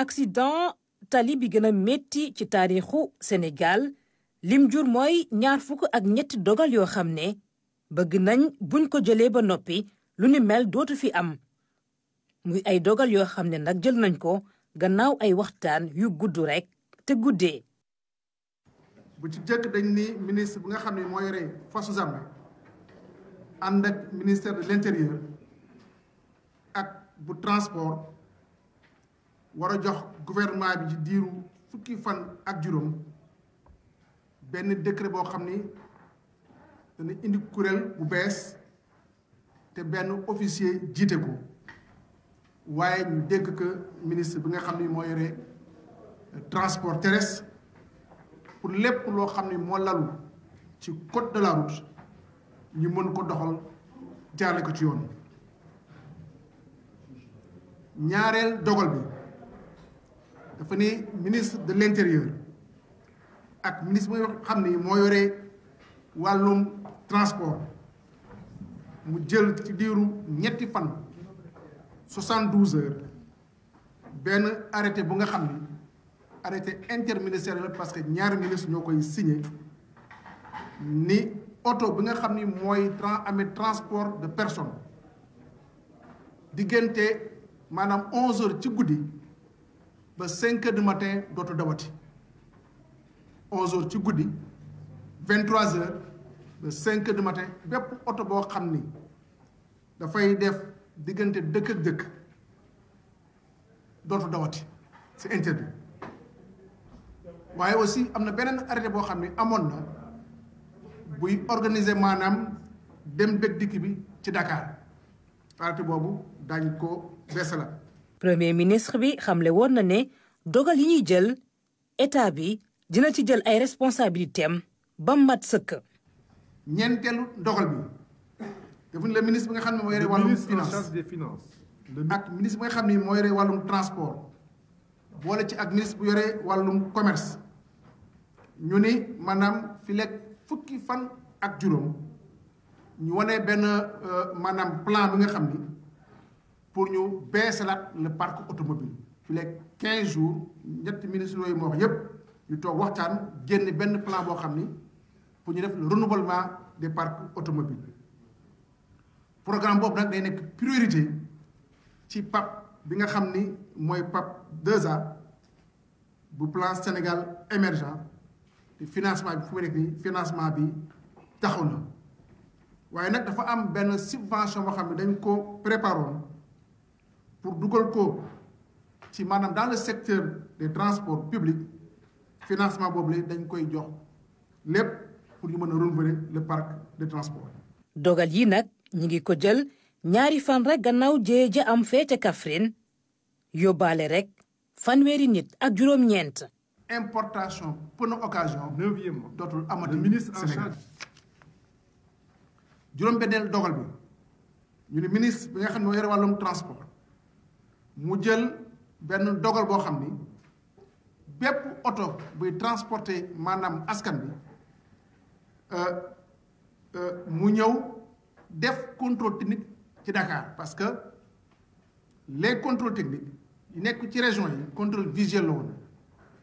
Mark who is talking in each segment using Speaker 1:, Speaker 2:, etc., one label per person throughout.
Speaker 1: accident tali bi gën a métti ci taarixu Sénégal lim jur mooy ñaar fukk ak ñetti dogal yoo xam ne bëgg nañ buñ ko jëlee ba noppi lu ni mel dootu fi am muy ay dogal yoo xam ne nag jël nañ ko gannaaw ay waxtaan yu gudd rekk te guddee.
Speaker 2: bu ci jëkk dañ ni ministre bu nga xam ne moo yore forces armées ànd ak ministère de l'intérieur ak bu transport. war a jox gouvernement bi ci diiru fukki fan ak juróom benn décret boo xam ni dana indi kuréel bu bees te benn officier jiite ko waaye ñu dégg ko ministre bi nga xam ni moo yore euh, transport terrestre pour lépp loo xam ni moo lalu ci code de la route ñu mën ko doxal jaarale ko ci yoon ñaareel dogal bi dafa ni ministre de l'intérieur ak ministre bi nga xam ni moo yore wàllum transport mu jël ci diiru ñetti fan soixante douze heures benn arrêté bu nga xam ni arrêté interministériel parce que ñaari ministre ñoo koy signé ni oto bi nga xam ni mooy trans amee transport de personne diggante maanaam onze heures ci guddi ba cinq heures du matin dootu dawati onze ci guddi vingt trois cinq heures du bépp oto boo xam ni dafay def diggante dëkk ak dëkk dootu dawati c'est interdit waaye aussi am na beneen arrêté boo xam ne amoon na buy organiser maanaam dem bëgg dikk bi ci Dakar arrêté boobu daañ
Speaker 1: ko la premier ministre bi xam xamle woon na ne dogal yi ñuy jël état bi dina ci jël ay responsabilitéem ba mat sëkk. ñeenteelu dogal bi
Speaker 2: dafa ne le ministre bi nga xam ne moo yore wàllum finance ak ministre bi nga xam ne moo yore wàllum transport boole ci ak ministre bu yore wàllum commerce ñu ni maanaam fi lekk fukki fan ak juróom ñu wane benn euh, maanaam plan bu nga xam ni. pour ñu beesalaat le parc automobile fi leeg 15 jours ñetti ministre yooyu moo wax yépp ñu toog waxtaan génn benn plan boo xam ni pour ñu def le renouvellement des parcs automobiles programme boobu nag day nekk priorité ci PAP bi nga xam ni mooy PAP 2A bu plan Sénégal émergent di financement bi fu mu nekk nii financement bi taxaw na waaye nag dafa am benn subvention boo xam ne dañ ko préparoon pour dugal ko ci maanaam dans le secteur des transports publics
Speaker 1: financement boobu la dañ koy jox lépp pour ñu mën a renouveler le parc de transport. dogal yi nag ñi ngi ko jël ñaari fan rek gannaaw jéye ja am fee ca Kaffrine yóbbaale rek fanweeri nit ak juróom-ñeent.
Speaker 2: importation pneu occasion. neuvième en charge juróom-benneel dogal bi ñu ne ministre bi nga xam ne moo transport. mu jël benn dogal boo xam ni bépp oto buy transporter maanaam askan bi euh, euh, mu ñëw def contrôle technique ci Dakar parce que les contrôles techniques yi nekk ci région yi contrôle visuel la woon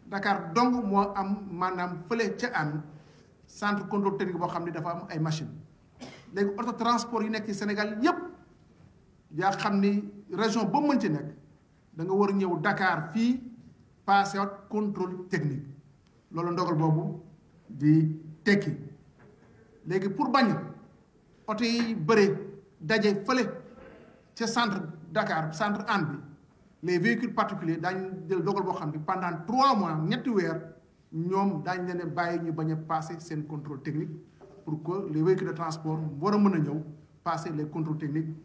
Speaker 2: Dakar dong moo am maanaam fële ca am centre contrôle technique boo xam ne dafa am ay machine léegi auto transport yi nekk ci Sénégal yépp yaa xam ni région ba mën ci nekk da nga war a ñëw dakaar fii passé contrôle technique loolu ndogal boobu di tekki léegi pour bañ oto yi bëre daje fële ca centre dakaar centre Hann bi les véhicules particuliers daañu jël dogal boo xam ne pendant trois mois ñetti weer ñoom daañ leen bàyyi ñu bañ a passé seen contrôle technique pour que les véhicules de transport war a mën a ñëw passer les contrôles techniques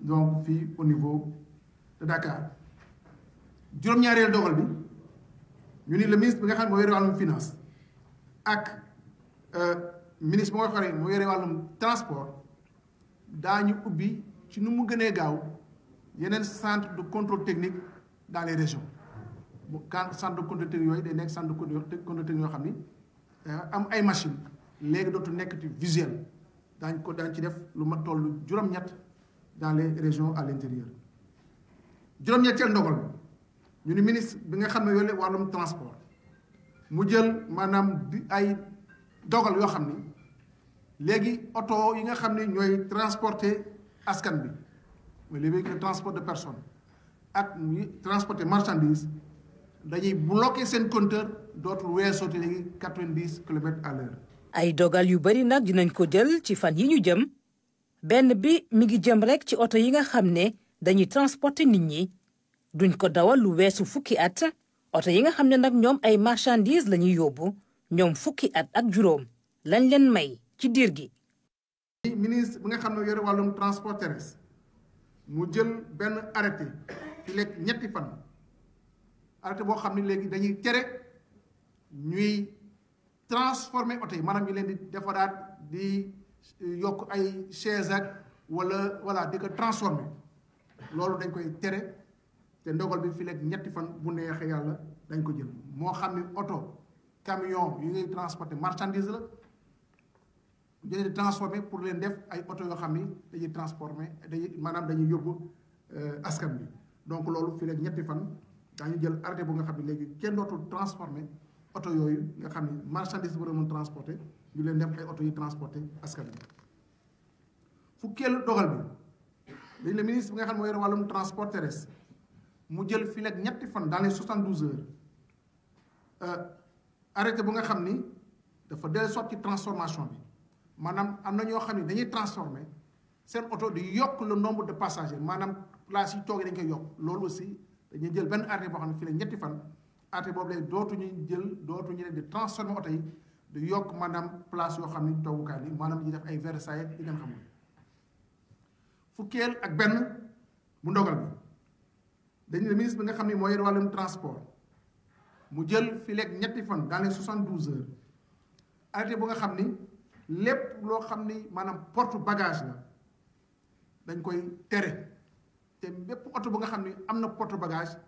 Speaker 2: donc fii au niveau de Dakar juróom-ñaareelu dogal bi ñu ni le ministre bi nga xam ne moo yore wàllum finance ak euh, ministre moo nga xam ne moo yore wàllum transport daañu ubbi ci nu mu gënee gaaw yeneen centre de contrôle technique dans les régions bu centre de contrôle technique yooyu day nekk centre de contrôle technique yoo xam ni euh, am ay machine léegi dootu nekk ci visuel daañ ko daañ ci def lu ma tollu juróom-ñett dans les régions à l'intérieur juróom-ñetteel ndogal ñu ni ministre bi nga xam ne yore wàllum transport mu jël maanaam bi ay dogal yoo xam ne léegi oto yi nga xam ne ñooy transporter askan bi mooy les véhicules de personnes ak muy transporter marchandise dañuy bloquer seen compteur dootul weesooti léegi quatre vingt
Speaker 1: ay dogal yu bari nag dinañ ko jël ci fan yi ñu jëm benn bi mi ngi jëm rekk ci oto yi nga xam ne dañuy transporter nit ñi duñ ko dawal lu weesu fukki at oto yi nga xam ne nag ñoom ay marchandise la ñuy yóbbu ñoom fukki at ak juróom lañ leen may ci diir gi.
Speaker 2: ministre bi nga xam ne yore wàllum transport terrestre mu jël benn arrêté ci lekk ñetti fan arrêté boo xam ne léegi dañuy tere ñuy transformer oto yi maanaam ñu leen di defaraat di eh, yokk ay chaise ak wala voilà di ko loolu dañ koy tere. te ndogal bi fileeg ñetti fan bu neexee yàlla dañ ko jël moo xam ne oto camion yi ngay transporter marchandise la ñu leen pour leen def ay oto yoo xam ni dañuy transformer dañuy maanaam dañuy yóbbu euh, askan bi donc loolu fileeg ñetti fan daañu jël arrêté bu nga xam ne léegi kenn dootul transformer oto yooyu nga xam ne marchandise bu mën transporter ñu leen def ay oto yi transporter askan bi fukkeelu dogal bi dañ la ministre bi nga xam ne mooy wàllum transport terrestre mu jël fii nag ñetti fan dans les soixante douze heures euh, arrêté bu nga xam ni dafa dellu sotti transformation bi maanaam am na ñoo xam ne dañuy transformé seen oto di yokk le nombre de passagers maanaam place yi toogee dañ koy yokk loolu aussi dañuy jël benn arrêté boo xam ne fii nag ñetti fan arrêté boobu lay dootu ñu jël dootuñu leen di transformé oto yi di yokk maanaam place yoo xam ne toogukaay bi maanaam di def ay versailles yi ngeen xamul fukkeel ak benn bu ndogal dañu ne ministre bi nga xam ne moo yor wàllum transport mu jël fii lekk ñetti fan dans les soixante douze heures arrêté bu nga xam ni lépp loo xam ni maanaam porte bagage la dañ koy tere te bépp oto bu nga xam ni am na porte bagage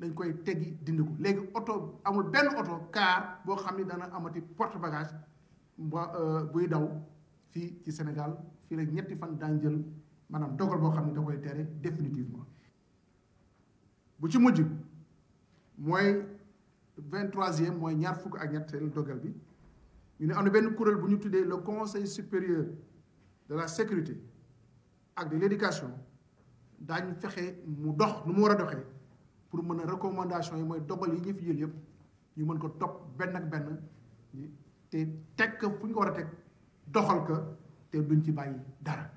Speaker 2: dañ koy teggi dindi ko léegi oto amul benn oto car boo xam ni dana amati porte bagage ba euh, buy daw fii ci Sénégal fii la ñetti fan daan jël maanaam dogal boo xam ni da koy tere définitivement bu ci mujj mooy vingt troisième mooy ñaar fukk ak ñetteel dogal bi ñu ne am na benn kuréel bu ñu tuddee le conseil supérieur de la sécurité ak de l'éducation daañu fexe mu dox nu mu war a doxee pour mën a recommandation yi mooy dogal yi ñu fi jël yëpp ñu mën ko topp benn ak benn te teg ko fu ñu ko war a teg doxal ko te duñ ci bàyyi dara